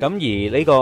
咁而呢個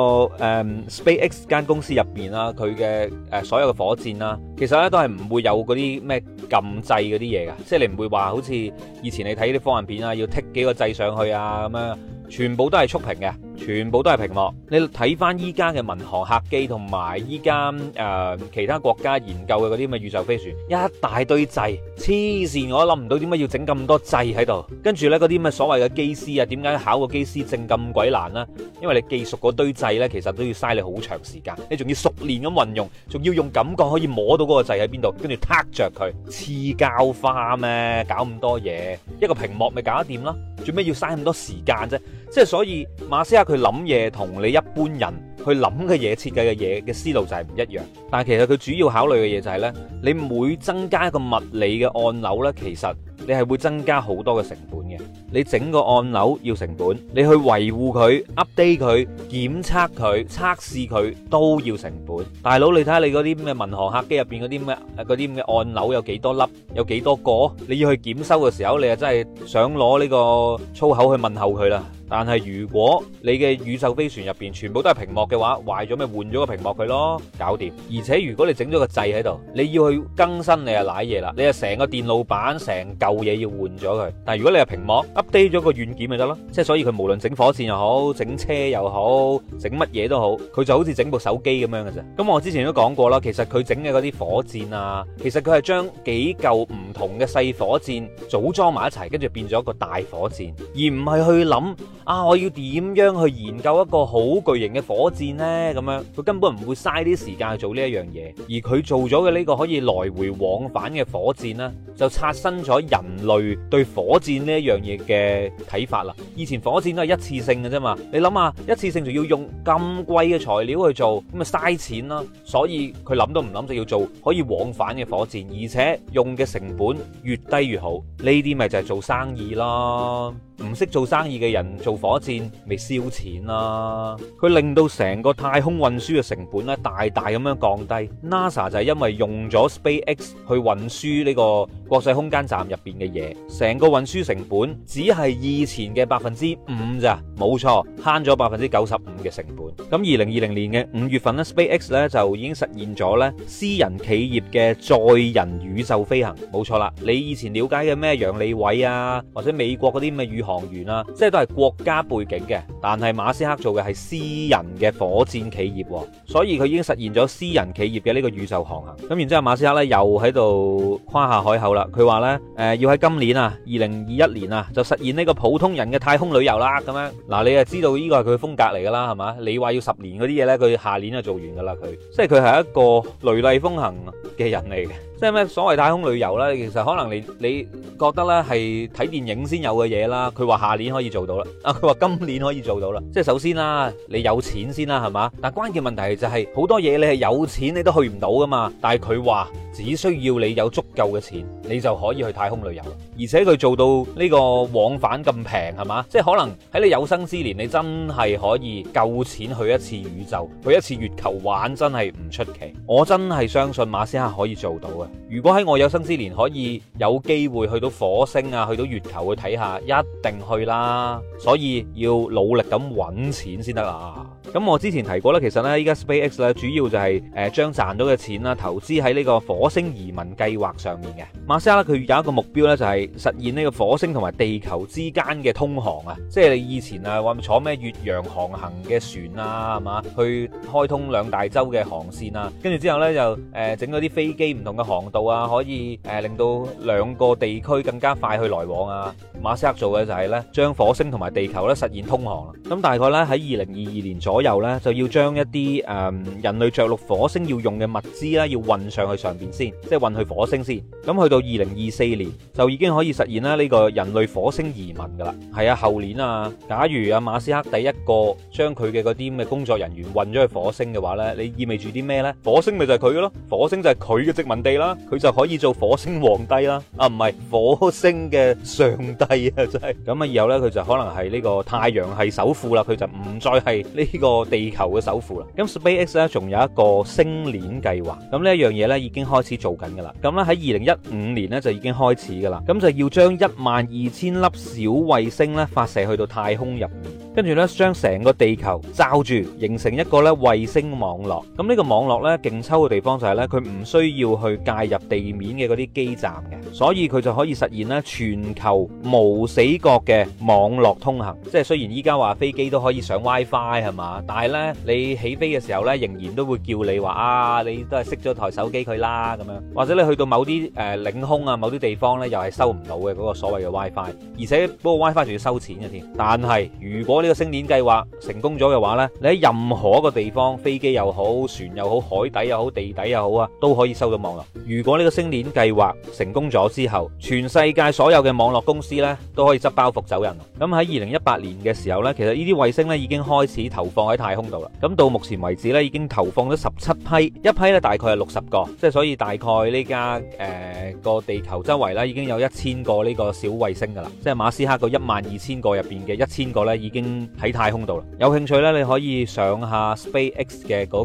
誒 SpaceX 間公司入邊啦，佢嘅誒所有嘅火箭啦，其實咧都係唔會有嗰啲咩撳掣嗰啲嘢㗎，即係你唔會話好似以前你睇啲科幻片啊，要剔幾個掣上去啊咁樣，全部都係觸屏嘅，全部都係屏幕。你睇翻依家嘅民航客機同埋依家誒其他國家研究嘅嗰啲咁嘅宇宙飛船，一大堆掣。黐線，我都諗唔到點解要整咁多掣喺度。跟住咧，嗰啲咩所謂嘅機師啊，點解考個機師證咁鬼難咧？因為你記熟嗰堆掣咧，其實都要嘥你好長時間。你仲要熟練咁運用，仲要用感覺可以摸到嗰個掣喺邊度，跟住撻著佢，黐膠花咩，搞咁多嘢一個屏幕咪搞得掂啦。做咩要嘥咁多時間啫？即係所以馬斯克佢諗嘢同你一般人。去諗嘅嘢、設計嘅嘢嘅思路就係唔一樣，但係其實佢主要考慮嘅嘢就係咧，你每增加一個物理嘅按鈕咧，其實你係會增加好多嘅成本嘅。你整個按鈕要成本，你去維護佢、update 佢、檢測佢、測試佢都要成本。大佬，你睇下你嗰啲咩民航客機入邊嗰啲咩誒嗰啲咁嘅按鈕有幾多粒，有幾多個？你要去檢修嘅時候，你又真係想攞呢個粗口去問候佢啦～但係如果你嘅宇宙飛船入邊全部都係屏幕嘅話，壞咗咪換咗個屏幕佢咯，搞掂。而且如果你整咗個掣喺度，你要去更新你啊瀨嘢啦，你啊成個電路板成舊嘢要換咗佢。但係如果你係屏幕，update 咗個軟件咪得咯。即係所以佢無論整火箭又好，整車又好，整乜嘢都好，佢就好似整部手機咁樣嘅啫。咁我之前都講過啦，其實佢整嘅嗰啲火箭啊，其實佢係將幾舊唔同嘅細火箭組裝埋一齊，跟住變咗一個大火箭，而唔係去諗啊我要點樣去研究一個好巨型嘅火箭呢？咁樣佢根本唔會嘥啲時間去做呢一樣嘢，而佢做咗嘅呢個可以來回往返嘅火箭呢，就刷新咗人類對火箭呢一樣嘢嘅睇法啦。以前火箭都係一次性嘅啫嘛，你諗下一次性就要用咁貴嘅材料去做，咁啊嘥錢啦。所以佢諗都唔諗就要做可以往返嘅火箭，而且用嘅成本。越低越好。呢啲咪就係做生意咯，唔識做生意嘅人做火箭咪燒錢啦、啊。佢令到成個太空運輸嘅成本咧大大咁樣降低。NASA 就係因為用咗 SpaceX 去運輸呢個國際空間站入邊嘅嘢，成個運輸成本只係以前嘅百分之五咋，冇錯，慳咗百分之九十五嘅成本。咁二零二零年嘅五月份咧，SpaceX 咧就已經實現咗咧私人企業嘅載人宇宙飛行，冇錯啦。你以前了解嘅咩？咩楊利偉啊，或者美國嗰啲咁嘅宇航員啦、啊，即係都係國家背景嘅。但係馬斯克做嘅係私人嘅火箭企業，所以佢已經實現咗私人企業嘅呢個宇宙航行。咁然之後馬斯克咧又喺度誇下海口啦，佢話呢誒、呃、要喺今年啊，二零二一年啊就實現呢個普通人嘅太空旅遊啦。咁樣嗱，你又知道呢個係佢風格嚟噶啦，係嘛？你話要十年嗰啲嘢呢，佢下年就做完噶啦，佢即係佢係一個雷厲風行嘅人嚟嘅。即係咩？所謂太空旅遊啦，其實可能你你覺得呢係睇電影先有嘅嘢啦。佢話下年可以做到啦，啊佢話今年可以做到啦。即係首先啦，你有錢先啦，係嘛？但係關鍵問題就係、是、好多嘢你係有錢你都去唔到噶嘛。但係佢話只需要你有足夠嘅錢，你就可以去太空旅遊，而且佢做到呢個往返咁平，係嘛？即係可能喺你有生之年，你真係可以夠錢去一次宇宙，去一次月球玩，真係唔出奇。我真係相信馬斯克可以做到嘅。如果喺我有生之年可以有機會去到火星啊，去到月球去睇下，一定去啦。所以要努力咁揾錢先得啦。咁我之前提過咧，其實呢，依家 SpaceX 咧主要就係、是、誒、呃、將賺到嘅錢啦，投資喺呢個火星移民計劃上面嘅。馬斯克佢有一個目標呢，就係、是、實現呢個火星同埋地球之間嘅通航啊！即係你以前啊話坐咩越洋航行嘅船啊，係嘛，去開通兩大洲嘅航線啊，跟住之後呢，就誒整嗰啲飛機唔同嘅航道啊，可以誒、呃、令到兩個地區更加快去來往啊。馬斯克做嘅就係呢，將火星同埋地球咧實現通航。咁大概呢，喺二零二二年左右。左右咧，就要將一啲誒、嗯、人類着陸火星要用嘅物資啦，要運上去上邊先，即係運去火星先。咁去到二零二四年就已經可以實現啦呢個人類火星移民噶啦。係啊，後年啊，假如阿、啊、馬斯克第一個將佢嘅嗰啲咁嘅工作人員運咗去火星嘅話呢，你意味住啲咩呢？火星咪就係佢咯，火星就係佢嘅殖民地啦，啊，佢就可以做火星皇帝啦，啊。啊，唔係火星嘅上帝啊，真係。咁啊，以後呢，佢就可能係呢個太陽系首富啦，佢就唔再係呢，呢個地球嘅首富啦，咁 SpaceX 咧，仲有一個星鏈計劃，咁呢一樣嘢呢已經開始做緊噶啦，咁咧喺二零一五年呢就已經開始噶啦，咁就要將一萬二千粒小衛星呢發射去到太空入面，跟住呢將成個地球罩住，形成一個呢衛星網絡。咁呢個網絡呢勁抽嘅地方就係呢，佢唔需要去介入地面嘅嗰啲基站嘅，所以佢就可以實現呢全球無死角嘅網絡通行，即係雖然依家話飛機都可以上 WiFi 係嘛。Fi, 但係咧，你起飛嘅時候咧，仍然都會叫你話啊，你都係熄咗台手機佢啦咁樣。或者你去到某啲誒領空啊，某啲地方咧，又係收唔到嘅嗰個所謂嘅 WiFi。而且嗰個 WiFi 仲要收錢嘅添。但係如果呢個星鏈計劃成功咗嘅話咧，你喺任何一個地方，飛機又好，船又好，海底又好，地底又好啊，都可以收到網絡。如果呢個星鏈計劃成功咗之後，全世界所有嘅網絡公司咧，都可以執包袱走人。咁喺二零一八年嘅時候咧，其實衛呢啲衛星咧已經開始投放。放喺太空度啦。咁到目前為止咧，已經投放咗十七批，一批咧大概係六十個，即係所以大概呢家誒個地球周圍咧已經有一千個呢個小衛星噶啦。即係馬斯克個一萬二千個入邊嘅一千個咧已經喺太空度啦。有興趣咧，你可以上下 SpaceX 嘅嗰、那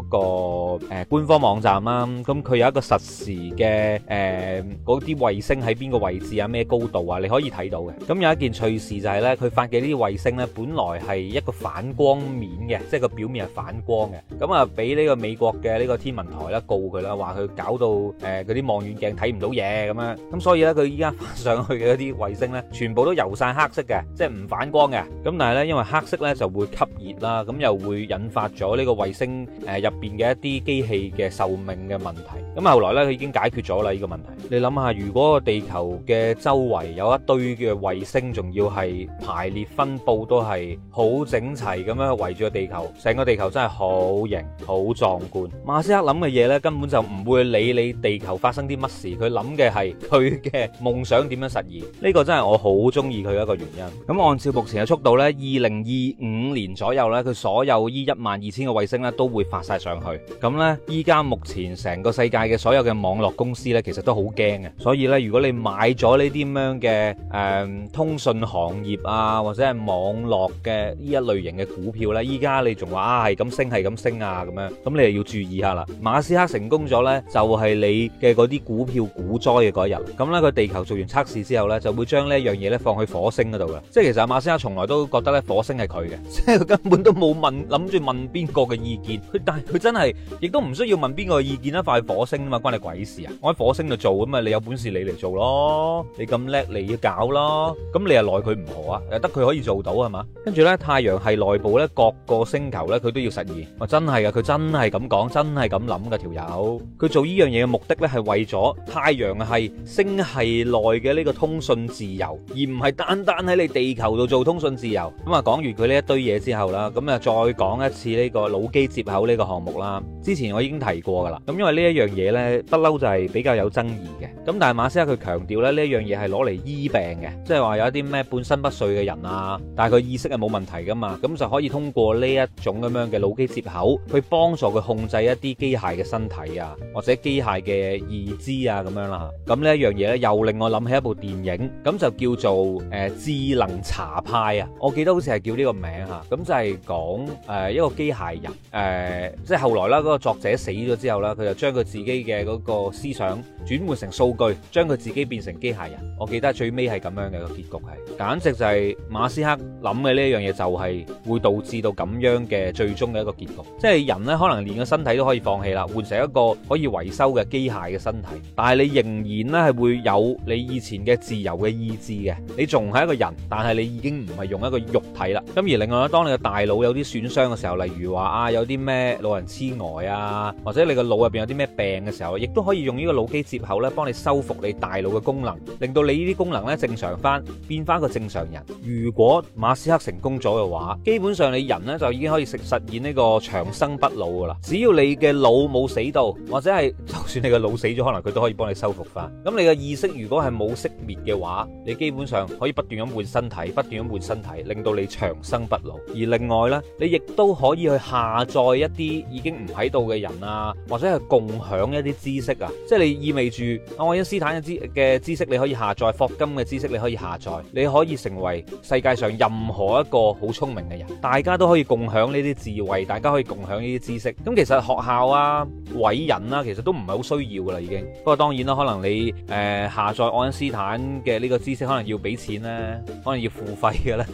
個、呃、官方網站啦、啊。咁、嗯、佢有一個實時嘅誒嗰啲衛星喺邊個位置啊，咩高度啊，你可以睇到嘅。咁、嗯、有一件趣事就係、是、咧，佢發嘅呢啲衛星咧，本來係一個反光面嘅。即係個表面係反光嘅，咁啊俾呢個美國嘅呢個天文台咧告佢啦，話佢搞到誒嗰啲望遠鏡睇唔到嘢咁樣，咁所以咧佢依家上去嘅一啲衛星咧，全部都油晒黑色嘅，即係唔反光嘅。咁但係咧，因為黑色咧就會吸熱啦，咁又會引發咗呢個衛星誒入邊嘅一啲機器嘅壽命嘅問題。咁,後來呢,佢已經解決咗啦呢個問題。你諗下,如果個地球嘅周圍,有一堆嘅衛星,仲要係排列分布都係,好整齊咁樣,圍住個地球。成個地球真係好型,好壯觀。馬斯克諗嘅嘢呢,根本就唔會理你地球發生啲乜事,佢諗嘅係,佢嘅夢想點樣實現。呢個真係我好鍾意佢一個原因。咁,按照目前嘅速度呢 ,2025 年左右呢,佢所有呢一萬二千個衛星呢,都會發晒上去。咁呢,依家目前成個世界,嘅所有嘅網絡公司呢，其實都好驚嘅，所以呢，如果你買咗呢啲咁樣嘅，誒、嗯、通訊行業啊，或者係網絡嘅呢一類型嘅股票呢，依家你仲話啊係咁升，係咁升啊咁樣，咁你就要注意下啦。馬斯克成功咗呢，就係、係、你嘅嗰啲股票股災嘅嗰日。咁呢，佢地球做完測試之後呢，就會將一呢一樣嘢呢放去火星嗰度嘅，即係其實阿馬斯克從來都覺得咧火星係佢嘅，即係佢根本都冇問諗住問邊個嘅意見，佢但係佢真係亦都唔需要問邊個嘅意見一塊火星。星嘛關你鬼事啊！我喺火星度做吖嘛，你有本事你嚟做咯，你咁叻你要搞咯，咁你又奈佢唔何啊？又得佢可以做到係嘛？跟住咧，太陽系內部咧，各個星球咧，佢都要實現。我真係噶，佢真係咁講，真係咁諗噶條友。佢做呢樣嘢嘅目的咧，係為咗太陽系星系內嘅呢個通訊自由，而唔係單單喺你地球度做通訊自由。咁啊，講完佢呢一堆嘢之後啦，咁啊，再講一次呢個腦機接口呢個項目啦。之前我已經提過噶啦，咁因為呢一樣嘢。嘢咧不嬲就係比較有爭議嘅，咁但係馬斯克佢強調咧，呢一樣嘢係攞嚟醫病嘅，即係話有一啲咩半身不遂嘅人啊，但係佢意識係冇問題噶嘛，咁就可以通過呢一種咁樣嘅腦機接口去幫助佢控制一啲機械嘅身體啊，或者機械嘅認知啊咁樣啦。咁呢一樣嘢咧又令我諗起一部電影，咁就叫做誒智能查派啊，我記得好似係叫呢個名吓，咁就係講誒一個機械人，誒即係後來啦，嗰個作者死咗之後啦，佢就將佢自己，嘅嗰個思想轉換成數據，將佢自己變成機械人。我記得最尾係咁樣嘅個結局，係簡直就係馬斯克諗嘅呢樣嘢，就係會導致到咁樣嘅最終嘅一個結局。即係人咧，可能連個身體都可以放棄啦，換成一個可以維修嘅機械嘅身體，但係你仍然咧係會有你以前嘅自由嘅意志嘅，你仲係一個人，但係你已經唔係用一個肉體啦。咁而另外當你嘅大腦有啲損傷嘅時候，例如話啊有啲咩老人痴呆啊，或者你個腦入邊有啲咩病。嘅時候，亦都可以用呢個腦機接口咧，幫你修復你大腦嘅功能，令到你呢啲功能咧正常翻，變翻一個正常人。如果馬斯克成功咗嘅話，基本上你人呢就已經可以實實現呢個長生不老噶啦。只要你嘅腦冇死到，或者係就算你嘅腦死咗，可能佢都可以幫你修復翻。咁你嘅意識如果係冇熄滅嘅話，你基本上可以不斷咁換身體，不斷咁換身體，令到你長生不老。而另外呢，你亦都可以去下載一啲已經唔喺度嘅人啊，或者係共享。講一啲知識啊，即係你意味住愛因斯坦嘅知嘅知識你可以下載，霍金嘅知識你可以下載，你可以成為世界上任何一個好聰明嘅人。大家都可以共享呢啲智慧，大家可以共享呢啲知識。咁其實學校啊、偉人啊，其實都唔係好需要噶啦，已經。不過當然啦，可能你誒、呃、下載愛因斯坦嘅呢個知識，可能要俾錢咧，可能要付費嘅咧，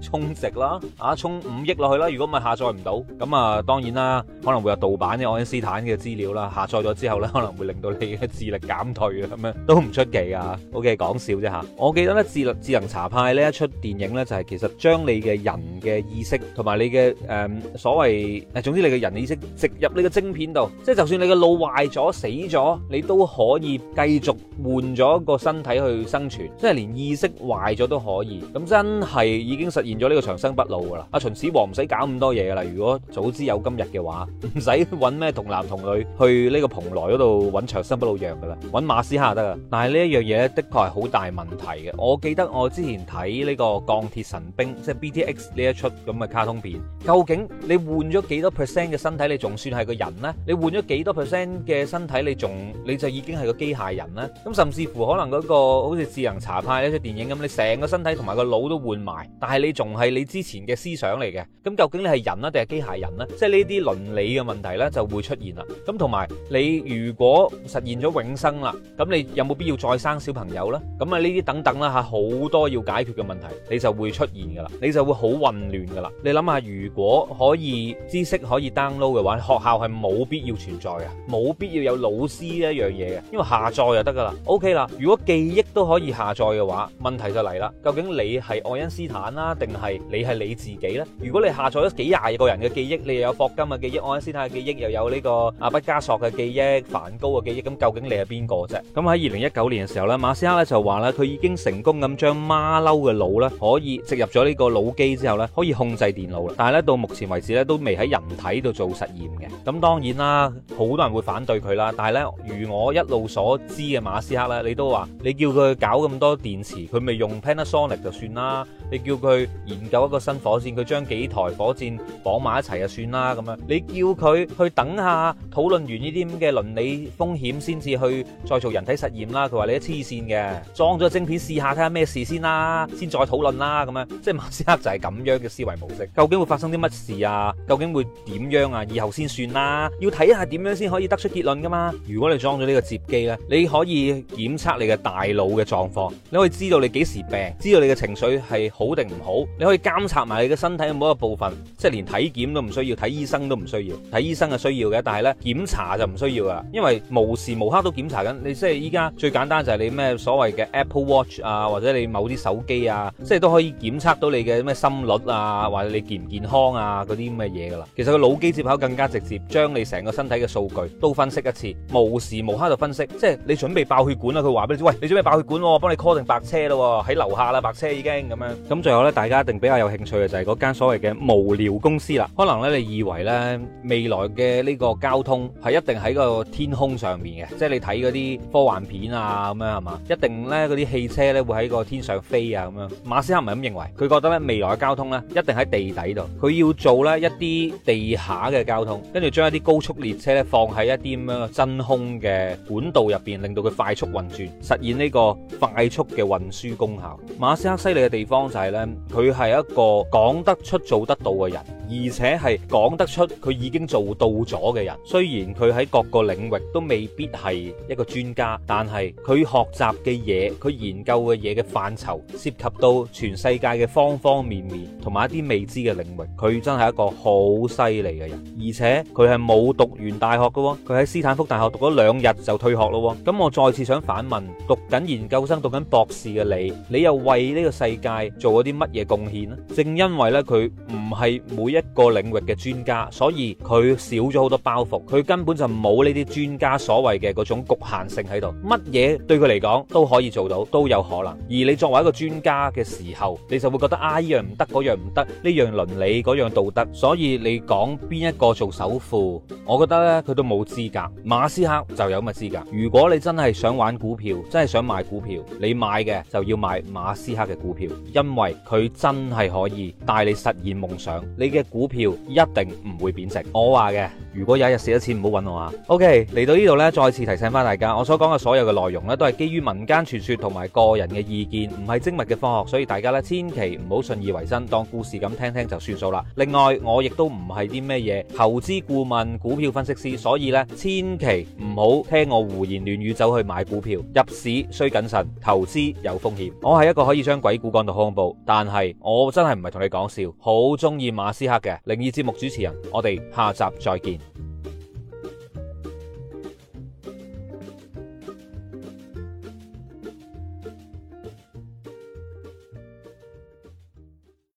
充值啦，啊充五億落去啦，如果咪下載唔到，咁啊當然啦，可能會有盜版嘅愛因斯坦嘅資料啦。下載咗之後咧，可能會令到你嘅智力減退啊！咁樣都唔出奇啊！OK，講笑啫吓。我記得呢，智智能查派呢一出電影呢，就係、是、其實將你嘅人嘅意識同埋你嘅誒、呃、所謂誒，總之你嘅人的意識植入你嘅晶片度，即係就算你嘅腦壞咗、死咗，你都可以繼續換咗個身體去生存，即係連意識壞咗都可以。咁真係已經實現咗呢個長生不老㗎啦！阿、啊、秦始皇唔使搞咁多嘢㗎啦！如果早知有今日嘅話，唔使揾咩童男童女去。去呢個蓬萊嗰度揾長生不老藥㗎啦，揾馬斯克就得啊！但係呢一樣嘢的確係好大問題嘅。我記得我之前睇呢個鋼鐵神兵，即係 B T X 呢一出咁嘅卡通片，究竟你換咗幾多 percent 嘅身體，你仲算係個人呢？你換咗幾多 percent 嘅身體，你仲你就已經係個機械人呢？咁甚至乎可能嗰個好似智能查派呢出電影咁，你成個身體同埋個腦都換埋，但係你仲係你之前嘅思想嚟嘅。咁究竟你係人啦定係機械人呢？即係呢啲倫理嘅問題呢，就會出現啦。咁同埋。你如果實現咗永生啦，咁你有冇必要再生小朋友呢？咁，啊呢啲等等啦吓，好多要解決嘅問題，你就會出現噶啦，你就會好混亂噶啦。你諗下，如果可以知識可以 download 嘅話，學校係冇必要存在嘅，冇必要有老師呢一樣嘢嘅，因為下載就得噶啦。OK 啦，如果記憶都可以下載嘅話，問題就嚟啦。究竟你係愛因斯坦啦，定係你係你自己呢？如果你下載咗幾廿個人嘅記憶，你又有霍金嘅記憶，愛因斯坦嘅記憶，又有呢個阿畢加索嘅記憶，梵高嘅記憶，咁究竟你係邊個啫？咁喺二零一九年嘅時候，呢馬斯克呢就話呢佢已經成功咁將馬騮嘅腦呢可以植入咗呢個腦機之後呢可以控制電腦啦。但係呢，到目前為止呢都未喺人體度做實驗嘅。咁當然啦，好多人會反對佢啦。但係呢，如我一路所知嘅馬斯克呢，你都話，你叫佢搞咁多電池，佢咪用 Panasonic 就算啦。你叫佢研究一個新火箭，佢將幾台火箭綁埋一齊就算啦咁樣。你叫佢去等下討論完。呢啲咁嘅倫理風險先至去再做人體實驗啦。佢話你一黐線嘅，裝咗晶片試下睇下咩事先啦，先再討論啦。咁樣即係馬斯克就係咁樣嘅思維模式。究竟會發生啲乜事啊？究竟會點樣啊？以後先算啦，要睇下點樣先可以得出結論噶嘛。如果你裝咗呢個接機咧，你可以檢測你嘅大腦嘅狀況，你可以知道你幾時病，知道你嘅情緒係好定唔好，你可以監察埋你嘅身體嘅每一個部分，即係連體檢都唔需要，睇醫生都唔需要。睇醫生係需要嘅，但係咧檢查。就唔需要啦，因為無時無刻都檢查緊你，即係依家最簡單就係你咩所謂嘅 Apple Watch 啊，或者你某啲手機啊，即係都可以檢測到你嘅咩心率啊，或者你健唔健康啊嗰啲咁嘅嘢噶啦。其實個腦機接口更加直接，將你成個身體嘅數據都分析一次，無時無刻就分析。即係你準備爆血管啦，佢話俾你知，喂，你準備爆血管，我幫你 call 定白車啦，喺樓下啦，白車已經咁樣。咁最後咧，大家一定比較有興趣嘅就係嗰間所謂嘅無聊公司啦。可能咧你以為咧未來嘅呢個交通係一。一定喺個天空上面嘅，即係你睇嗰啲科幻片啊咁樣係嘛，一定呢，嗰啲汽車呢會喺個天上飛啊咁樣。馬斯克唔係咁認為，佢覺得呢未來嘅交通呢，一定喺地底度，佢要做呢一啲地下嘅交通，跟住將一啲高速列車呢放喺一啲咁樣真空嘅管道入邊，令到佢快速運轉，實現呢個快速嘅運輸功效。馬斯克犀利嘅地方就係呢，佢係一個講得出、做得到嘅人。而且係講得出佢已經做到咗嘅人，雖然佢喺各個領域都未必係一個專家，但係佢學習嘅嘢，佢研究嘅嘢嘅範疇，涉及到全世界嘅方方面面，同埋一啲未知嘅領域，佢真係一個好犀利嘅人。而且佢係冇讀完大學嘅喎，佢喺斯坦福大學讀咗兩日就退學咯。咁我再次想反問：讀緊研究生、讀緊博士嘅你，你又為呢個世界做咗啲乜嘢貢獻呢？正因為呢，佢唔係每一一個領域嘅專家，所以佢少咗好多包袱，佢根本就冇呢啲專家所謂嘅嗰種局限性喺度。乜嘢對佢嚟講都可以做到，都有可能。而你作為一個專家嘅時候，你就會覺得啊，呢樣唔得，嗰樣唔得，呢樣倫理，嗰樣道德。所以你講邊一個做首富，我覺得咧佢都冇資格。馬斯克就有乜資格？如果你真係想玩股票，真係想買股票，你買嘅就要買馬斯克嘅股票，因為佢真係可以帶你實現夢想。你嘅。股票一定唔會貶值，我話嘅。如果有一日蝕咗錢，唔好揾我啊！OK，嚟到呢度呢，再次提醒翻大家，我所講嘅所有嘅內容呢，都係基於民間傳說同埋個人嘅意見，唔係精密嘅科學，所以大家呢，千祈唔好信以為真，當故事咁聽聽就算數啦。另外，我亦都唔係啲咩嘢投資顧問、股票分析師，所以呢，千祈唔好聽我胡言亂語走去買股票。入市需謹慎，投資有風險。我係一個可以將鬼故講到恐怖，但係我真係唔係同你講笑，好中意馬斯克嘅靈異節目主持人，我哋下集再見。